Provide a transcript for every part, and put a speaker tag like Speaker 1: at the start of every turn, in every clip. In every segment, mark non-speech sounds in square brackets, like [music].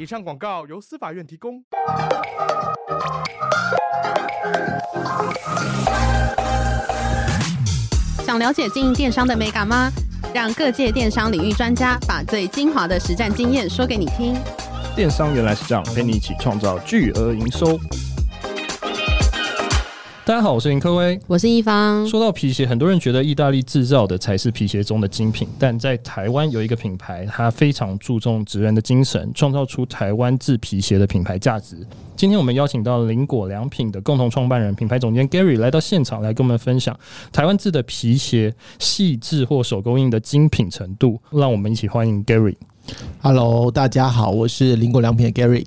Speaker 1: 以上廣告由司法院提供。
Speaker 2: 想了解經營電商的美感嗎？讓各界電商領域專家把最精華的實戰經驗說給你聽。
Speaker 3: 電商原來是這樣，陪你一起創造巨額營收。大家好，我是林克威，我是一方。說到皮鞋，很多人覺得意大利製造的才是皮鞋中的精品，但在台灣有一個品牌，它非常注重職人的精神，創造出台灣製皮鞋的品牌價值。今天我們邀請到林果良品的共同創辦人、品牌總監 Gary 來到現場，來跟我們分享台灣製的皮鞋細緻或手工藝的精品程度。讓我們一起歡迎 Gary。哈嘍，大家好，我是林果良品的 Gary。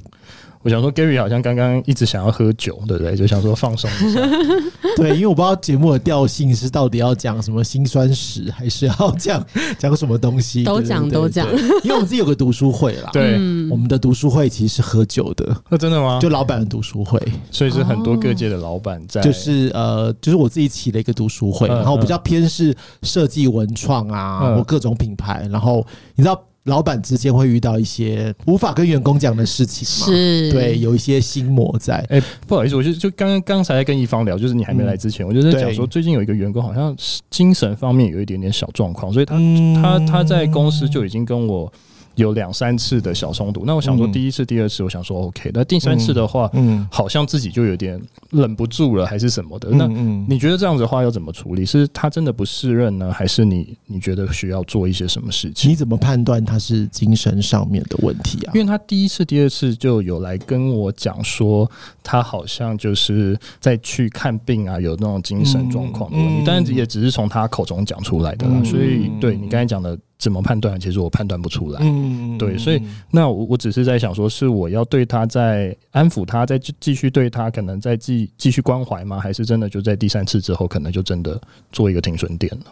Speaker 3: 我想說
Speaker 1: ，Gary 好像剛剛一直想要喝酒，對不對？就想說放鬆一下， [laughs] 對，因為我不知道節目的調性是到底要講什麼辛酸史，還是要講講什麼東西， [laughs] 都講講都講講。 [laughs] 因為我們自己有個讀書會啦。 [laughs] 對，我們的讀書會其實是喝酒的，嗯、的那真的嗎？就老板的讀書會，所以是很多各界的老板在、哦，就是呃，就是我自己起了一個讀書會，嗯嗯然後比較偏是設計文創啊，嗯、或各種品牌，然後你知道。老闆之間會遇到一些無法跟員工講的事情嘛，是，對，有一些心魔在。哎、欸，不好意思，我就就剛剛才在跟一方聊，就是你還沒來之前，嗯、我就在講說，
Speaker 3: 最近有一個員工好像精神方面有一點點小狀況，所以他、嗯、他他在公司就已經跟我。有兩三次的小衝突，那我想說第一次、第二次，我想說 OK、嗯、那第三次的話，嗯，嗯好像自己就有點忍不住了，還是什麼的。嗯嗯、那你覺得這樣子的話要怎麼處理？是他真的不適任呢，還是你你覺得需要做一些什麼事情？你怎麼判斷他是精神上面的問題啊？因為他第一次、第二次就有來跟我講說，他好像就是在去看病啊，有那種精神狀況的問題，嗯嗯、但是也只是從他口中講出來的啦，嗯、所以、嗯、對你剛才講的。怎麼判斷？其實我判斷不出來。嗯嗯，對，所以那我我只是在想說，說是我要對他在安撫他，再繼繼續對他，可能再繼繼續關懷嗎？還是真的就在第三次之後，可能就真的做一個停損點了？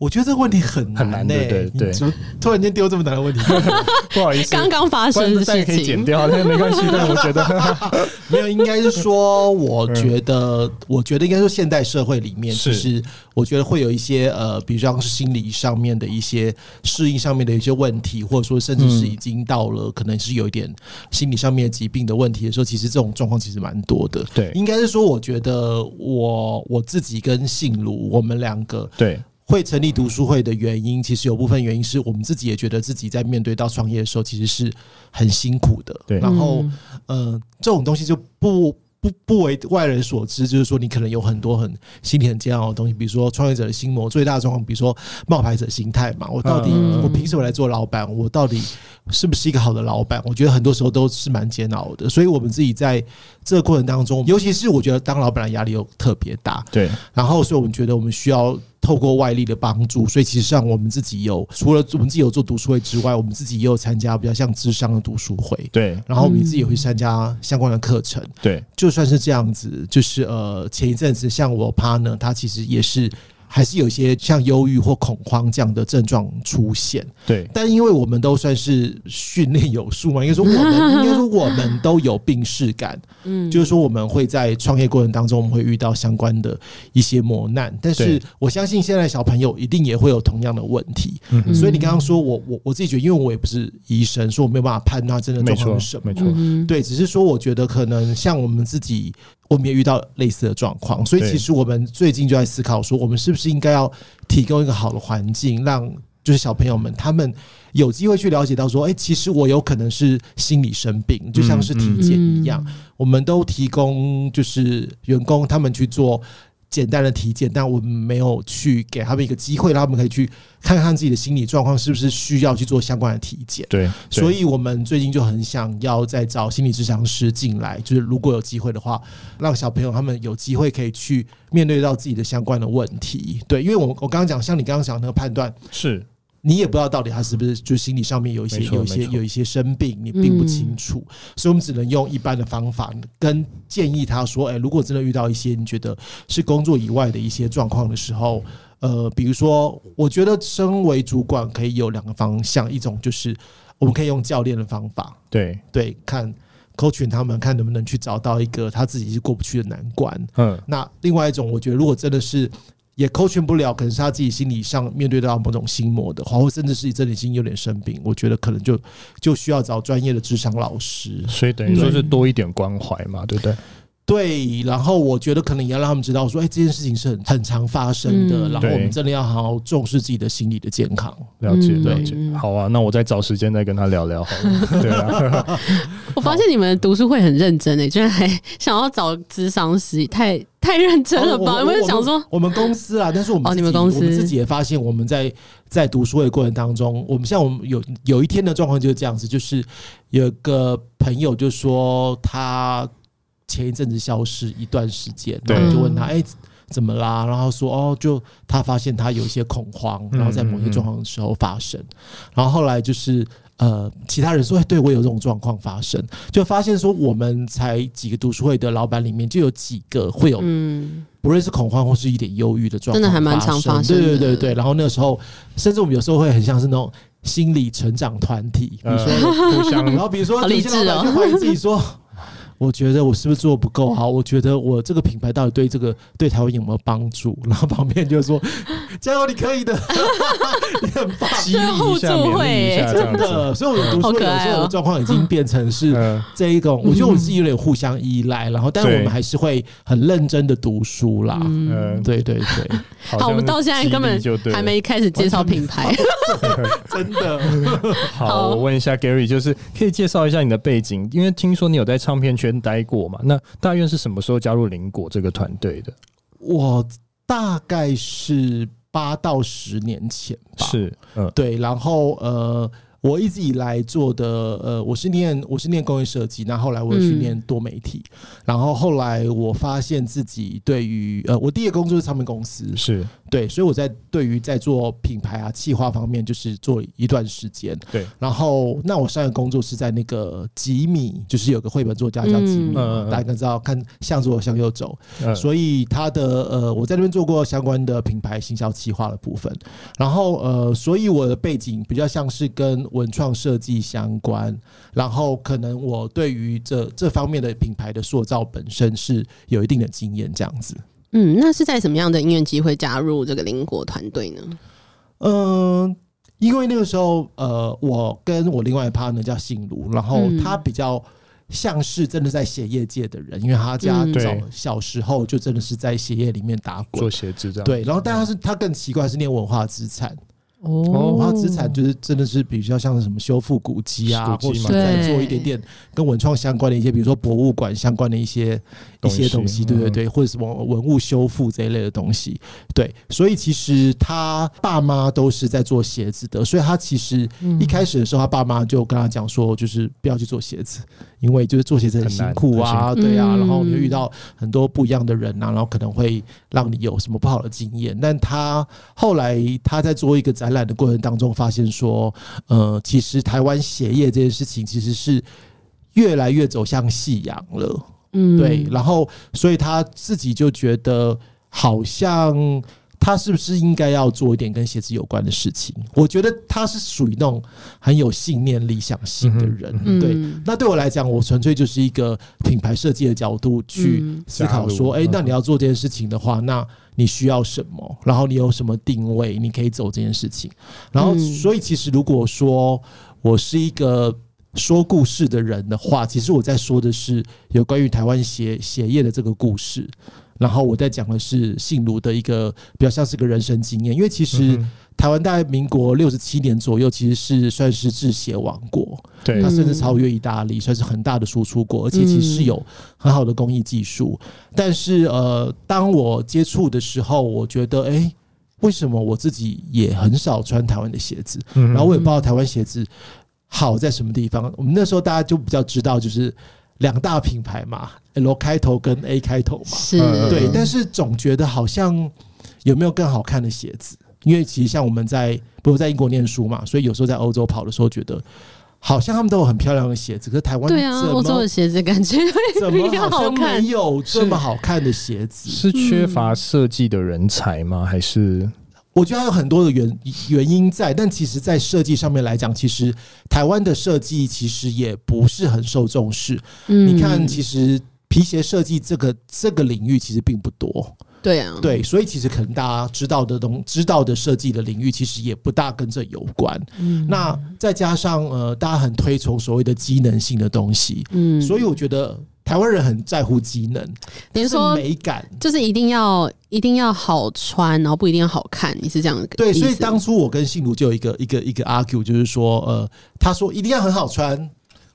Speaker 1: 我覺得這個問題很難嘞、欸，難的，對，對，對，突然間丟這麼難的問題， [laughs] 不好意思，剛剛 [laughs] 發生的，但是可以剪掉，那沒關係。但 [laughs] 我覺得沒有，應該是說，我覺得，我覺得應該說，現代社會裡面，就是我覺得會有一些呃，比如說像是心理上面的一些適應上面的一些問題，或者說甚至是已經到了可能是有一點心理上面的疾病的問題的時候，其實這種狀況其實蠻多的。對，應該是說，我覺得我我自己跟姓盧我們兩個對。會成立讀書會的原因，嗯、其實有部分原因是我們自己也覺得自己在面對到創業的時候，其實是很辛苦的。對，然後，嗯、呃，這種東西就不不不為外人所知，就是說你可能有很多很心裡很煎熬的東西，比如說創業者的心魔最大的狀況，比如說冒牌者心態嘛。我到底、嗯、我憑什麼來做老闆？我到底是不是一個好的老闆？我覺得很多時候都是蠻煎熬的。所以我們自己在這個過程當中，尤其是我覺得當老闆的壓力又特別大。對，然後所以我們覺得我們需要。透過外力的幫助，所以其實上我們自己有除了我們自己有做讀書會之外，我們自己也有參加比較像諮商的讀書會，對。然後我們自己也會參加相關的課程，對。嗯、就算是這樣子，就是呃，前一陣子像我 partner，他其實也是。還是有一些像憂鬱或恐慌這樣的症狀出現，對。但因為我們都算是訓練有素嘛，因為說我們 [laughs] 應該說我們都有病識感，嗯，就是說我們會在創業過程當中，我們會遇到相關的一些磨難。但是我相信現在的小朋友一定也會有同樣的問題，嗯、所以你剛剛說我我我自己覺得，因為我也不是醫生，所以我沒有辦法判斷真的做什麼，沒錯，沒錯。嗯、哼 對，只是說我覺得可能像我們自己。我們也遇到類似的狀況，所以其實我們最近就在思考，說我們是不是應該要提供一個好的環境，讓就是小朋友們他們有機會去了解到，說欸，其實我有可能是心理生病，就像是體檢一樣，嗯嗯，我們都提供就是員工他們去做，簡單的體檢，但我們沒有去給他們一個機會，讓他們可以去看看自己的心理狀況是不是需要去做相關的體檢。
Speaker 3: 對，所以
Speaker 1: 我們最近就很想要再找心理治療師進來，就是如果有機會的話，讓小朋友他們有機會可以去面對到自己的相關的問題。對，因為我我剛剛講，像你剛剛講的那個判斷是。你也不知道到底他是不是就心理上面有一些、沒錯 有一些、沒錯 有一些生病，你並不清楚，嗯、所以我們只能用一般的方法跟建議他說：“誒，如果真的遇到一些你覺得是工作以外的一些狀況的時候，呃，比如說，我覺得身為主管可以有兩個方向，一種就是我們可以用教練的方法，對對，看 coach 他們看能不能去找到一個他自己是過不去的難關。嗯，那另外一種，我覺得如果真的是。也 coaching 不了，可能是他自己心理上面對到某種心魔的話，或者甚至是自己心心有點生病，我覺得可能就就需要找專業的職場老師，所以等於說是多一點關
Speaker 3: 懷嘛，對，對不對？
Speaker 1: 對，然後我覺得可能也要讓他們知道，說，哎、欸，這件事情是很很常發
Speaker 3: 生的，嗯、然後我們真
Speaker 1: 的要好好重視自己的心理的健康。了
Speaker 3: 解，對了解。好啊，那我再找時間再跟他聊聊好了。
Speaker 2: [laughs] 對啊， [laughs] 我發現你們讀書會很認真誒、欸，居然還想要找諮商師，太太認真了吧？有沒有想說？我
Speaker 1: 們公司啊，但是我們，、哦、們我們自己也發現，我們在在讀書會的過程當中，我們像我們有有一天的狀況就是這樣子，就是有一個朋友就說他。前一陣子消失一段時間，然後就問他、欸，誒怎麼啦？然後說，哦，就他發現他有一些恐慌，然後在某些狀況的時候發生。然後後來就是，呃，其他人說，哎，對我有這種狀況發生，就發現說，我們才幾個讀書會的老闆裡面就有幾個會有，不論是恐慌或是一點憂鬱的狀況，真的還蠻常發生。對對對對，然後那個時候，甚至我們有時候會很像是那種心理成長團體，比如說互相，然後比如說一些老闆，就自己說。我覺得我是不是做的不夠好？我覺得我這個品牌到底對這個對台灣有沒有幫助？然後旁邊就說：“加油，你可以的， [laughs] [laughs] 你很棒！”就互助會耶，真的，所以我們讀書有時候的狀況已經變成是這一種，好可愛喔，我覺得我自己有點互相依賴。然後，但是我們還是會很認真的讀書啦。對嗯，對對對。好，我們到現在根本還
Speaker 2: 沒開始介紹品牌，真
Speaker 1: 的。好，我
Speaker 3: 問一下 Gary，就是可以介紹一下你的背景，因為聽說你有在唱片圈待過嘛？那大院是什麼時候加入林果這個團隊的？
Speaker 1: 我大概是八到十年前吧。是，嗯，對。然後呃，我一直以來做的呃，我是念我是念工業設計，那後來我又去念多媒體。嗯、然後後來我發現自己對於呃，我第一個工作是唱片公司是。對，所以我在對於在做品牌啊、企劃方面，就是做一段時間。對，然後那我上一個工作是在那個吉米，就是有個繪本作家叫吉米，嗯、大家可知道看《向左向右走》。嗯，所以他的呃，我在那邊做過相關的品牌行銷企劃的部分。然後呃，所以我的背景比較像是跟文創設計相關，然後可能我對於這這方面的品牌的塑造本身是有一定的經驗，這樣子。
Speaker 2: 嗯，那是在什麼樣的音樂機會加入這個林果團隊呢？嗯、呃，因為那個時候，
Speaker 1: 呃，我跟我另外一趴呢叫姓盧，然後他比較像是真的在鞋業界的人，因為他家小小時候就真的是在鞋業裡面打滾、嗯、做鞋子這樣。對，然後但他是他更奇怪的是念文化資產，
Speaker 3: 哦，文化資產
Speaker 1: 就是真的是比較像什麼修復古蹟啊，是或者在做一點點跟文創相關的一些，比如說博物館相關的一些。一些東西，對對對，或者什麼文物修復這一類的東西，對，所以其實他爸媽都是在做鞋子的，所以他其實一開始的時候，他爸媽就跟他講說，就是不要去做鞋子，因為就是做鞋子很辛苦啊，對啊，然後又遇到很多不一樣的人啊，然後可能會讓你有什麼不好的經驗。但他後來他在做一個展覽的過程當中，發現說，呃，其實台灣鞋業這件事情其實是越來越走向夕陽了。
Speaker 2: 嗯，對，
Speaker 1: 然後所以他自己就覺得，好像他是不是應該要做一點跟鞋子有關的事情？我覺得他是屬於那種很有信念、理想性的人，嗯。嗯、對，那對我來講，我純粹就是一個品牌設計的角度去思考說，欸，那你要做這件事情的話，那你需要什麼？然後你有什麼定位？你可以走這件事情。然後，所以其實如果說我是一個。說故事的人的話，其實我在說的是有關於台灣鞋鞋業的這個故事，然後我在講的是姓盧的一個比較像是個人生經驗。因為其實台灣大概民國六十七年左右，其實是算是製鞋王國，對，它甚至超越意大利，算是很大的輸出國，而且其實是有很好的工藝技術。但是呃，當我接觸的時候，我覺得，哎、欸，為什麼我自己也很少穿台灣的鞋子？然後我也不知道台灣鞋子。好在什麼地方？我們那時候大家就比較知道，就是兩大品牌嘛，L 開頭跟 A 開頭嘛，是對。但是總覺得好像有沒有更好看的鞋子？因為其實像我們在，比如在英國念書嘛，所以有時候在歐洲跑的時候，覺得好像他們都有很漂亮的鞋子，可是台灣對啊，歐洲的鞋
Speaker 2: 子感覺怎麼好像沒有這麼
Speaker 1: 好看的鞋子？是，是缺乏設計的人才嗎？還是？我覺得還有很多的原原因在，但其實，在設計上面來講，其實台灣的設計其實也不是很受重視。嗯，你看，其實皮鞋設計這個這個領域其實並不多。對啊，對，所以其實可能大家知道的東，知道的設計的領域其實也不大跟這有關。嗯，那再加上呃，大家很推崇所謂的機能性的東西。嗯，所以我覺得。台灣人很在乎機能，比如說美
Speaker 2: 感說，就是一定要一定要好穿，然後不一定要好看，你是這樣的感覺？對，所以當
Speaker 1: 初我跟信如就有一個一個一個 argue，就是說，呃，他說一定要很好穿，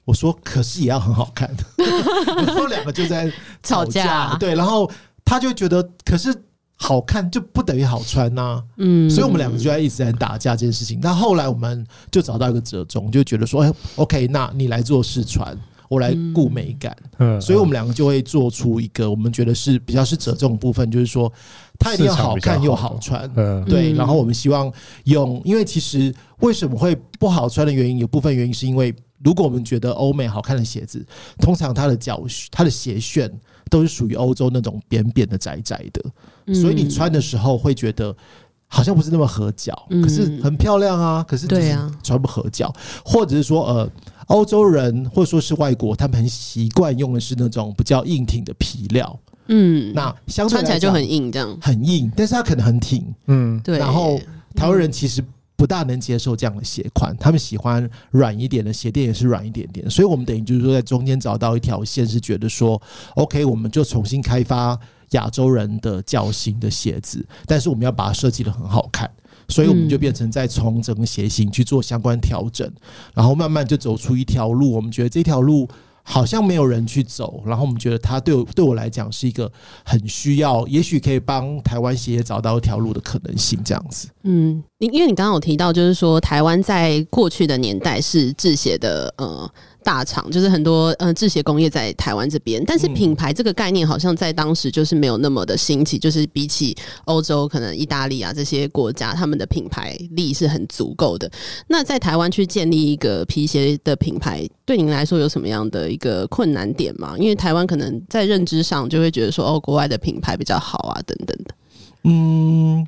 Speaker 1: 我說可是也要很好看，我說兩個就在吵架，對，然後他就覺得，可是好看就不等於好穿吶，啊，嗯，所以我們兩個就在一直在打架這件事情。但後來我們就找到一個折中，就覺得說，哎，欸、，OK，那你來做試穿。我來顧美感，嗯嗯、所以我們兩個就會做出一個我們覺得是比較是折中部分，就是說它一定要好看又好穿，好嗯、對。然後我們希望用，因為其實為什麼會不好穿的原因，有部分原因是因為，如果我們覺得歐美好看的鞋子，通常它的腳它的鞋楦都是屬於歐洲那種扁扁的窄窄的，
Speaker 2: 所以你穿
Speaker 1: 的時候會覺得好像不是那麼合腳，嗯、可是很漂亮啊。可是，是對啊，穿不合腳，或者是說呃。歐洲人或者說是外國，他們很習慣用的是那種比較硬挺的皮料。嗯，
Speaker 2: 那相對來講，穿起來就很硬，這樣
Speaker 1: 很硬，但是它可能很挺。嗯，對。然後台灣人其實不大能接受這樣的鞋款，嗯、他們喜歡軟一點的鞋墊，也是軟一點點。所以我們等於就是說，在中間找到一條線，是覺得說，OK，我們就重新開發亞洲人的腳型的鞋子，但是我們要把它設計得很好看。所以我們就變成在從整個鞋型，去做相關調整，然後慢慢就走出一條路。我們覺得這條路好像沒有人去走，然後我們覺得它對我對我來講是一個很需要，也許可以幫台灣鞋找到一條路的可能性。這樣子，嗯，
Speaker 2: 因因為你剛剛有提到，就是說台灣在過去的年代是制鞋的，呃。大廠就是很多嗯、呃、製鞋工業在台灣這邊，但是品牌這個概念好像在當時就是沒有那麼的興起，嗯、就是比起歐洲可能意大利啊這些國家，他們的品牌力是很足夠的。那在台灣去建立一個皮鞋的品牌，對您來說有什麼樣的一個困難點嗎？因為台灣可能在認知上就會覺得說哦，國外的品牌比較好啊等等的。
Speaker 1: 嗯。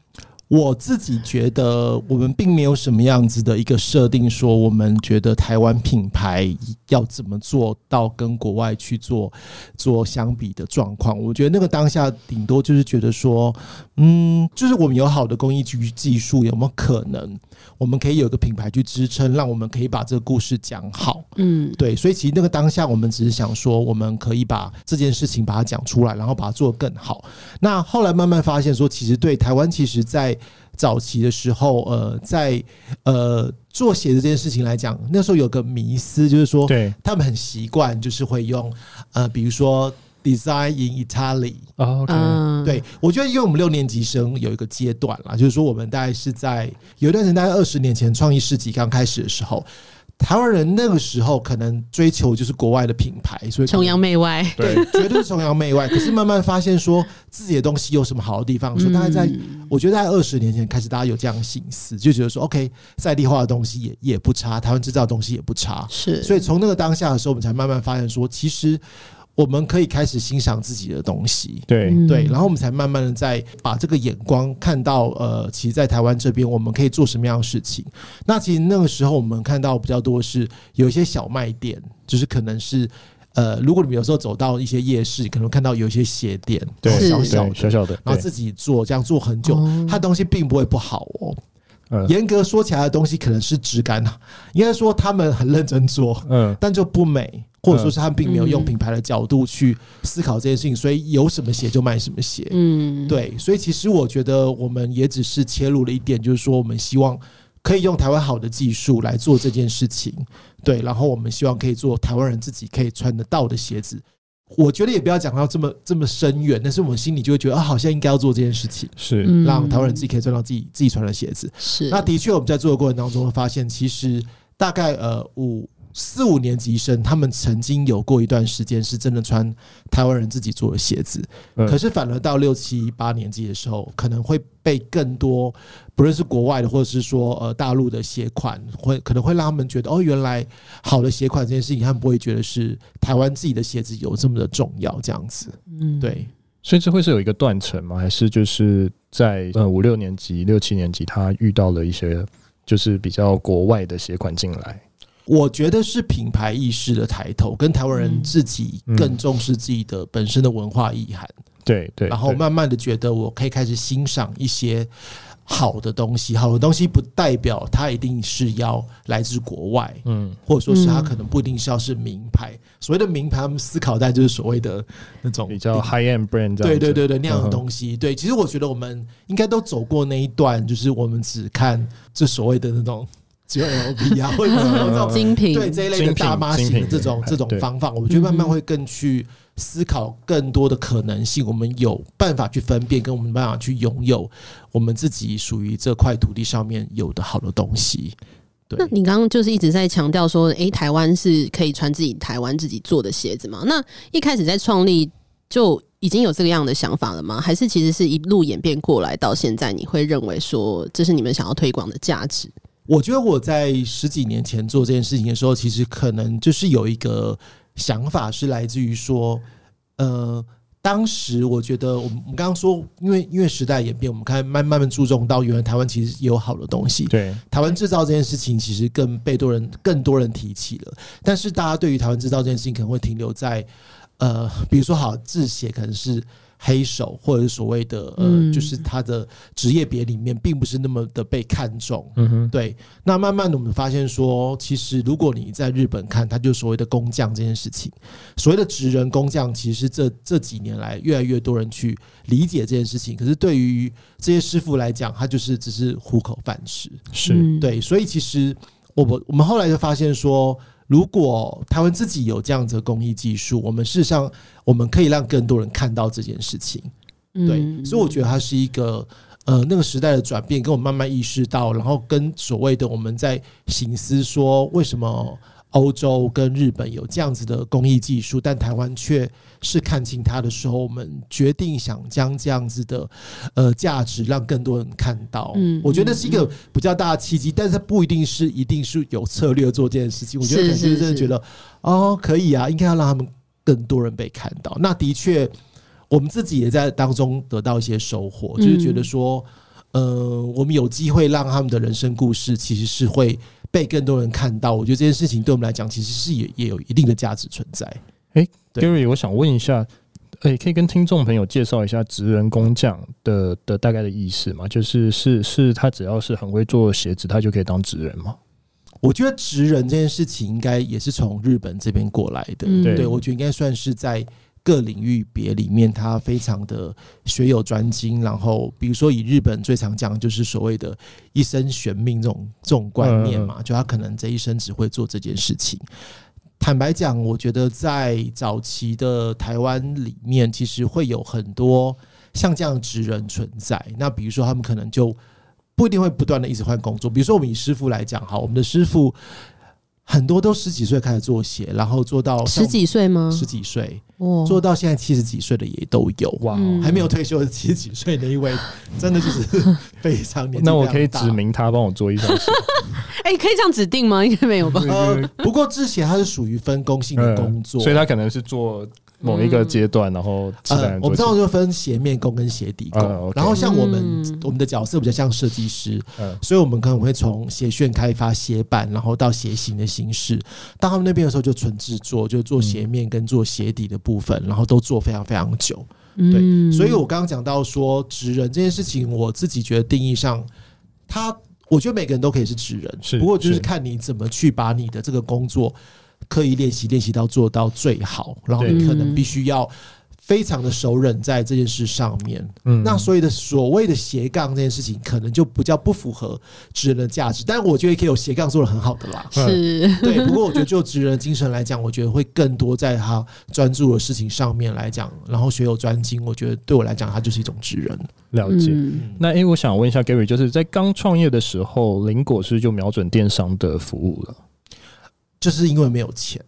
Speaker 1: 我自己覺得，我們並沒有什麼樣子的一個設定，說我們覺得台灣品牌要怎麼做到跟國外去做做相比的狀況。我覺得那個當下，頂多就是覺得說，嗯，就是我們有好的工藝技技術，有沒有可能我們可以有一個品牌去支撐，讓我們可以把這個故事講好。嗯，對。所以其實那個當下，我們只是想說，我們可以把這件事情把它講出來，然後把它做得更好。那後來慢慢發現說其實對台灣，其實在早期的時候，呃，在呃做鞋的這件事情來講，那時候有個迷思，就是說，對，他們很習慣，就是會用呃，比如說 Design in Italy，OK，、oh, okay. 呃、對，我覺得因為我們六年級生有一個階段啦，就是說我們大概是在有一段時間，大概二十年前創意市集剛開始的時候。台灣人那個時候可能追求就是國外的品牌，所以崇洋媚外。對，絕對是崇洋媚外。 [laughs] 可是慢慢發現說自己的東西有什麼好的地方，所以大概在我覺得在二十年前開始，大家有這樣的心思，就覺得說 OK，在地化的東西也也不差，台灣製造的東西也不差。是，所以從那個當下的時候，我們才慢慢發現說，其實。我們可以開始欣賞自己的東西，對、嗯、對，然後我們才慢慢的在把這個眼光看到，呃，其實，在台灣這邊，我們可以做什麼樣的事情？那其實那個時候，我們看到比較多的是有一些小賣店，就是可能是，呃，如果你們有時候走到一些夜市，可能看到有一些鞋店，對，小小的，對，小小的小小的，然後自己做，這樣做很久，它、嗯、東西並不會不好哦。嗯、嚴格說起來的東西，可能是質感，應該說他們很認真做，嗯，但就不美。或者說是他並沒有用品牌的角度去思考這件事情，嗯、所以有什麼鞋就賣什麼鞋。嗯，對。所以其實我覺得我們也只是切入了一點，就是說我們希望可以用台灣好的技術來做這件事情。對，然後我們希望可以做台灣人自己可以穿得到的鞋子。我覺得也不要講到這麼這麼深遠，但是我們心裡就會覺得啊，好像應該要做這件事情，是、嗯、讓台灣人自己可以穿到自己自己穿的鞋子。是。那的確我們在做的過程當中，會發現其實大概呃五。四五年級生，他們曾經有過一段時間是真的穿台灣人自己做的鞋子，嗯、可是反而到六七八年級的時候，可能會被更多不論是國外的，或者是說呃大陸的鞋款，會可能會讓他們覺得哦，原來好的鞋款這件事情，他們不會覺得是台灣自己的鞋子有這麼的重要這樣子。嗯，對，
Speaker 3: 所以這會是有一個斷層嗎？還是就是在呃五六年級、六七年級，他遇到了一些就是比較國外的鞋款進
Speaker 1: 來？我覺得是品牌意識的抬頭，跟台灣人自己更重視自己的本身的文化意涵。
Speaker 3: 對對、嗯，然後
Speaker 1: 慢慢的覺得我可以開始欣賞一些好的東西，好的東西不代表它一定是要來自國外，嗯，或者說是它可能不一定是要是名牌。嗯、所謂的名牌，他們思考在就是所謂的那種比較 high end brand，對對對對，那樣的東西。Uh huh、對，其實我覺得我們應該都走過那一段，就是我們只看這所謂的那種。只有 LV 啊，或者精品，對這一類的大媽型的這種精品這種方法，我覺得慢慢會更去思考更多的可能性。對，我們有辦法去分辨，嗯嗯跟我們辦法去擁有我們自己屬於這塊土地上面有的好的東西。
Speaker 2: 對，那你剛剛就是一直在強調說，哎、欸，台灣是可以穿自己台灣自己做的鞋子嗎？那一開始在創立就已經有這個樣的想法了嗎？還是其實是一路演變過來到現在？你會認為說，這是你們想要推廣的價值？
Speaker 1: 我覺得我在十幾年前做這件事情的時候，其實可能就是有一個想法，是來自於說，呃，當時我覺得我們我們剛剛說，因為因為時代演變，我們開始慢慢注重到原來台灣其實也有好的東西。對，台灣制造這件事情，其實更被多人更多人提起了。但是大家對於台灣制造這件事情，可能會停留在，呃，比如說好字寫可能是。黑手或者所謂的呃，就是他的職業別裡面並不是那麼的被看重。嗯哼，對。那慢慢的我們發現說，其實如果你在日本看，他就所謂的工匠這件事情，所謂的職人工匠，其實這這幾年來越來越多人去理解這件事情。可是對於這些師傅來講，他就是只是糊口飯吃。是對，所以其實我們我們後來就發現說。如果台灣自己有這樣子的工藝技術，我們事實上我們可以讓更多人看到這件事情。對，嗯，所以我覺得它是一個呃那個時代的轉變，跟我慢慢意識到，然後跟所謂的我們在行思說為什麼。歐洲跟日本有這樣子的工藝技術，但台灣卻是看清它的時候，我們決定想將這樣子的呃價值讓更多人看到。嗯，我覺得是一個比較大的契機，嗯、但是不一定是一定是有策略做這件事情。嗯、我覺得真的覺得是是是是哦，可以啊，應該要讓他們更多人被看到。那的確，我們自己也在當中得到一些收穫，就是覺得說，嗯、呃，我們有機會讓他們的人生故事其實是會。被更多人看到，我覺得這件事情對我們來講其實是也也有一定的價值存在。
Speaker 3: 誒、欸、Gary 我想問一下，誒、欸，可以跟聽眾朋友介紹一下職人工匠的的大概的意思嗎？就是是是他只要是很會做鞋子，他就可以當職人嗎？我覺得職
Speaker 1: 人這件事情應該也是從日本這邊過來的，嗯、對，我覺得應該算是在。各領域別裡面，他非常的學有專精。然後，比如說以日本最常講，就是所謂的“一生懸命”這種這種觀念嘛，就他可能這一生只會做這件事情。嗯嗯。坦白講，我覺得在早期的台灣裡面，其實會有很多像這樣的職人存在。那比如說，他們可能就不一定會不斷的一直換工作。比如說，我們以師傅來講，哈，我們的師傅。很多都十幾歲開始做鞋，然後做到十幾歲嗎？十幾歲，做到現在七十幾歲的也都有哇！Wow 還沒有退休的七十幾歲的一位，真的就是非常年紀非常大。 [laughs] 那我可以指明他幫我做一
Speaker 2: 雙鞋。哎，可以這樣指定嗎？應該沒有辦法、 [laughs] 呃。
Speaker 1: 不過之前他是屬於分工性的工作、呃，所以他可能是做。
Speaker 3: 某一個階段，嗯、然後制板。呃，我們知道就
Speaker 1: 分鞋面工跟鞋底工。嗯、然後像我們，嗯、我們的角色比較像設計師，嗯、所以我們可能會從鞋楦開發、鞋板，然後到鞋型的形式。到他們那邊的時候，就純製作，就做鞋面跟做鞋底的部分，嗯、然後都做非常非常久。嗯、對，所以我剛剛講到說，職人這件事情，我自己覺得定義上，他我覺得每個人都可以是職人，是不過就是看你怎麼去把你的這個工作，刻意練習，練習到做到最好，然後你可能必須要非常的熟稔，在這件事上面。嗯對，那所以的所謂的斜槓這件事情，可能就比較不符合職人的價值。但我覺得也可以有斜槓做得很好的啦。是，對。不過我覺得就職人的精神來講，我覺得會更多在他專注的事情上面來講，然後學有專精。我覺得對我來講，他就是一種職人。了解。那因為我
Speaker 3: 想問一下 Gary，就是在剛創業的時候，林果是不是就瞄準電商的服務了？
Speaker 1: 就是因為沒有錢，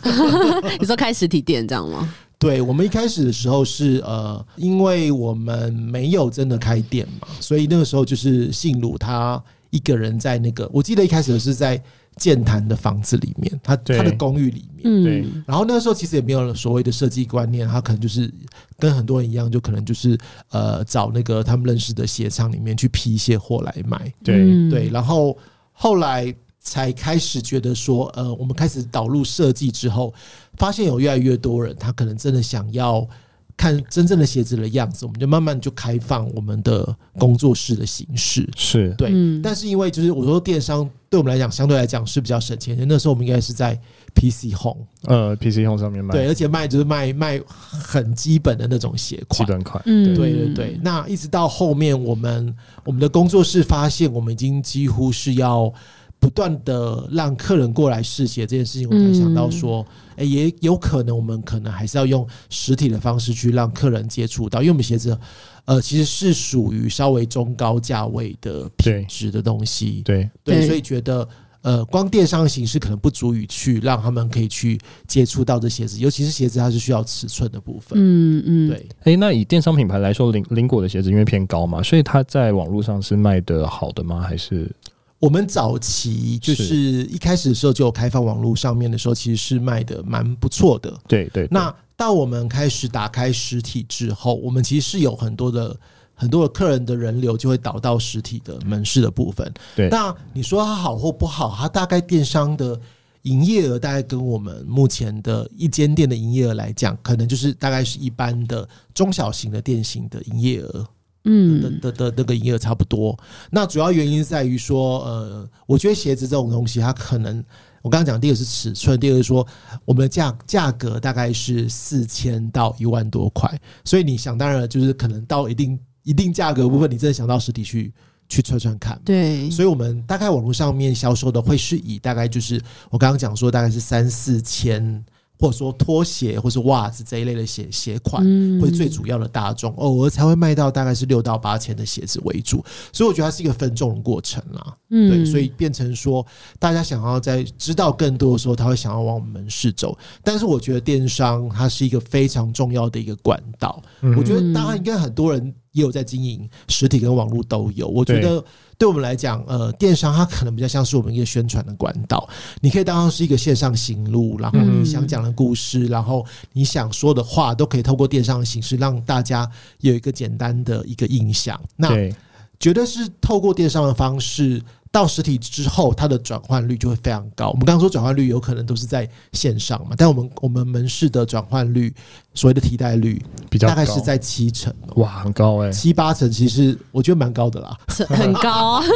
Speaker 2: [laughs] 你說開實體店這樣嗎？
Speaker 1: 對，我們一開始的時候是呃，因為我們沒有真的開店嘛，所以那個時候就是姓魯他一個人在那個，我記得一開始是在建壇的房子裡面，他對 他的公寓裡面，對。然後那個時候其實也沒有了所謂的設計觀念，他可能就是跟很多人一樣，就可能就是呃找那個他們認識的鞋廠裡面去批一些貨來賣，對對。然後後來。才開始覺得說，呃，我們開始導入設計之後，發現有越來越多人，他可能真的想要看真正的鞋子的樣子，我們就慢慢就開放我們的工作室的形式，是對。嗯、但是因為就是我說電商對我們來講，相對來講是比較省錢的。那時候我們應該是在 PC Home，呃，PC Home 上面賣，對，而且賣就是賣賣很基本的那種鞋款，基本款，嗯，對對對。那一直到後面，我們我們的工作室發現，我們已經幾乎是要。不斷的讓客人過來試鞋這件事情，我才想到說，誒、嗯嗯欸，也有可能我們可能還是要用實體的方式去讓客人接觸到，因為我們鞋子，呃，其實是屬於稍微中高價位的品質的東西，對對，對，所以覺得呃，光電商的形式可能不足以去讓他們可以去接觸到這鞋子，尤其是鞋子它是需要尺寸的部分，
Speaker 3: 嗯嗯，對。誒、欸。那以電商品牌來說，林林果的鞋子因為偏高嘛，所以它在網絡上是賣得好的嗎？還是？
Speaker 1: 我們早期就是一開始的時候就有開放網絡上面的時候，是其實是賣的蠻不錯的。對，對對。那到我們開始打開實體之後，我們其實是有很多的很多的客人的人流就會導到實體的門市的部分。嗯、對。那你說它好或不好？它大概電商的營業額大概跟我們目前的一間店的營業額來講，可能就是大概是一般的中小型的店型的營業額。嗯，的的的那個營業額差不多。那主要原因在於說，呃，我覺得鞋子這種東西，它可能我剛剛講，第一個是尺寸，第二個就是說我們的價價格大概是四千到一萬多塊，所以你想當然了就是可能到一定一定價格部分，你真的想到實體去去穿穿看。對，所以我們大概網絡上面銷售的會是以大概就是我剛剛講說大概是三四千。或者說拖鞋，或者是襪子這一類的鞋鞋款，或者最主要的大眾，偶爾、嗯哦、才會賣到大概是六到八千的鞋子為主，所以我覺得它是一個分眾的過程啦。嗯，對，所以變成說，大家想要在知道更多的時候，他會想要往我們門市走，但是我覺得電商它是一個非常重要的一個管道，嗯、我覺得當然應該很多人。也有在經營實體跟網絡都有，我覺得對我們來講，呃，電商它可能比較像是我們一個宣傳的管道，你可以當成是一個線上行路，然後你想講的故事，然後你想說的話，都可以透過電商的形式讓大家有一個簡單的一個印象。那覺得是透過電商的方式到實體之後，它的轉換率就會非常高。我們剛剛說轉換率有可能都是在線上嘛，但我們我們門市的轉換率，所謂的替代率，比較大概是在七成，哇，很高哎，七八成其實我覺得蠻高的啦，
Speaker 2: 很高、欸。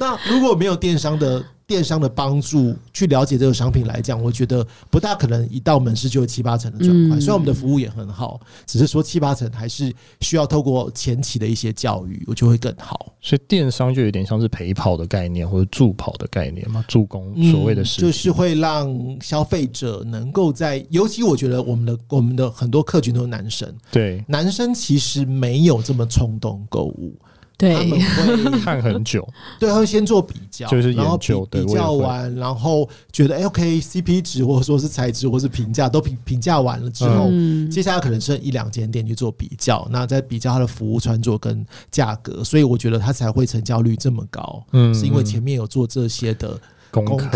Speaker 1: 那如果沒有電商的？電商的幫助去了解這個商品來講，我覺得不大可能一到門市就有七八成的轉換。所以、嗯、我們的服務也很好，只是說七八成還是需要透過前期的一些教育，我就會更
Speaker 3: 好。所以電商就有點像是陪跑的概念或者助跑的概念嘛，助攻、嗯、所謂的是，
Speaker 1: 就是會讓消費者能夠在，尤其我覺得我們的我們的很多客群都是男生，對男生其實沒有這麼衝動購物。對，他們會 [laughs] 看很久，對，他會先做比較，就是要求比，比較完，對，我然後覺得、欸、o k、OK, CP 值或者說是材質或是評價都評評價完了之後，嗯、接下來可能剩一兩間店去做比較，那再比較它的服務、穿着跟價格，所以我覺得他才會成交率這麼高，嗯，嗯，是因為前面有做這些的功課，功課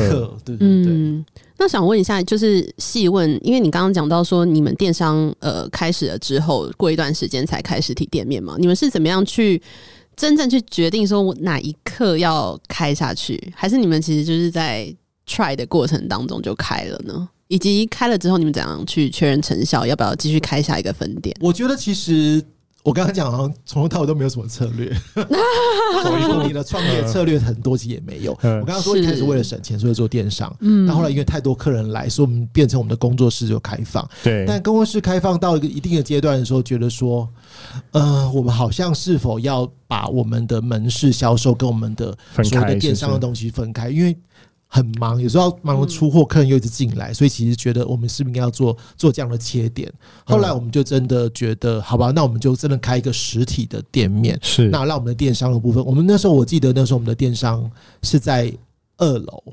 Speaker 1: 對對對、
Speaker 2: 嗯。那想問一下，就是細問，因為你剛剛講到說你們電商呃開始了之後，過一段時間才開實體店面嘛，你們是怎麼樣去真正去決定說我哪一刻要開下去，還是你們其實就是在 try 的過程當中就開了呢？以及開了之後，你們怎樣去確認成效，要不要繼續開下一個分店？我
Speaker 1: 覺得其實。我剛剛講好像從頭到尾都沒有什麼策略， [laughs] [laughs] 所以你的創業策略很多次也沒有。我剛剛說一開始為了省錢，所以做電商，嗯，但後來因為太多客人來，所以我們變成我們的工作室就開放，對。但工作室開放到一個一定的階段的時候，覺得說，嗯，我們好像是否要把我們的門市銷售跟我們的所有的電商的東西分開？因為很忙，有時候要忙著出貨，客人又一直進來，嗯，所以其實覺得我們是不是應該要做做這樣的切點？後來我們就真的覺得，好吧，那我們就真的開一個實體的店面。是，那讓我們的電商的部分，我們那時候我記得那時候我們的電商是在二樓，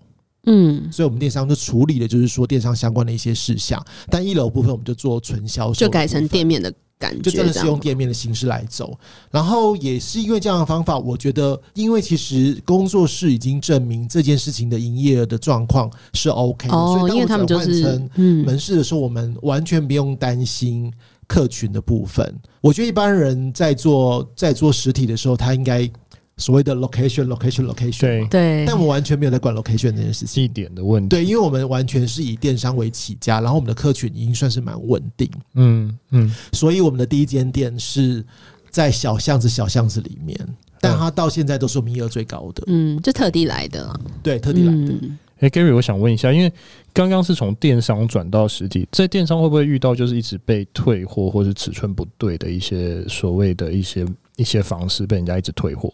Speaker 1: 嗯，所以我們電商就處理的就是說電商相關的一些事項，但一樓部分我們就做純銷售，就改成
Speaker 2: 店面的。感覺就真的是用
Speaker 1: 店面的形式來走，然後也是因為這樣的方法，我覺得，因為其實工作室已經證明這件事情的營業額的狀況是 OK 的，哦、所以當我轉換成門市的時候，因為他們就是嗯、我們完全不用擔心客群的部分。我覺得一般人在做，在做實體的時候，他應該。所謂的 location，location，location，對對但我們完全沒有在管 location 這件事情，地點的問題，對，因為我們完全是以電商為起家，然後我們的客群已經算是蠻穩定，嗯嗯，所以我們的第一間店是在小巷子，小巷子裡面，但它到現在都是我們營業額最高的，嗯，
Speaker 2: 就特地來的，欸、
Speaker 1: 對，特地來的。誒 Gary 我想
Speaker 3: 問一下，因為剛剛是從電商轉到實體，在電商會不會遇到就是一直被退貨或者尺寸不對的一些所謂的一些一些，一些方式被人家一直退貨？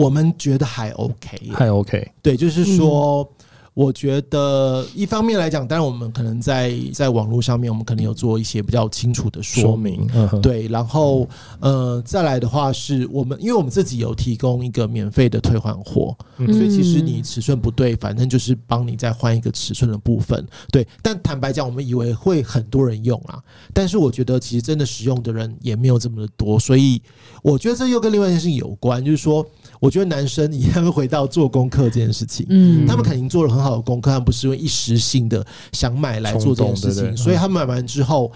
Speaker 1: 我們覺得還 OK，
Speaker 3: 還、欸、OK，
Speaker 1: 對，就是說，我覺得一方面來講，當然我們可能在在網絡上面，我們可能有做一些比較清楚的說明，對，然後呃，再來的話是我們，因為我們自己有提供一個免費的退換貨，所以其實你尺寸不對，反正就是幫你再換一個尺寸的部分，對。但坦白講，我們以為會很多人用啊，但是我覺得其實真的使用的人也沒有這麼的多，所以我覺得這又跟另外一件事情有關，就是說。我覺得男生一定會回到做功課這件事情，嗯，他們肯定做了很好的功課，他們不是用一時性的想買來做這件事情，對對，所以他們買完之後，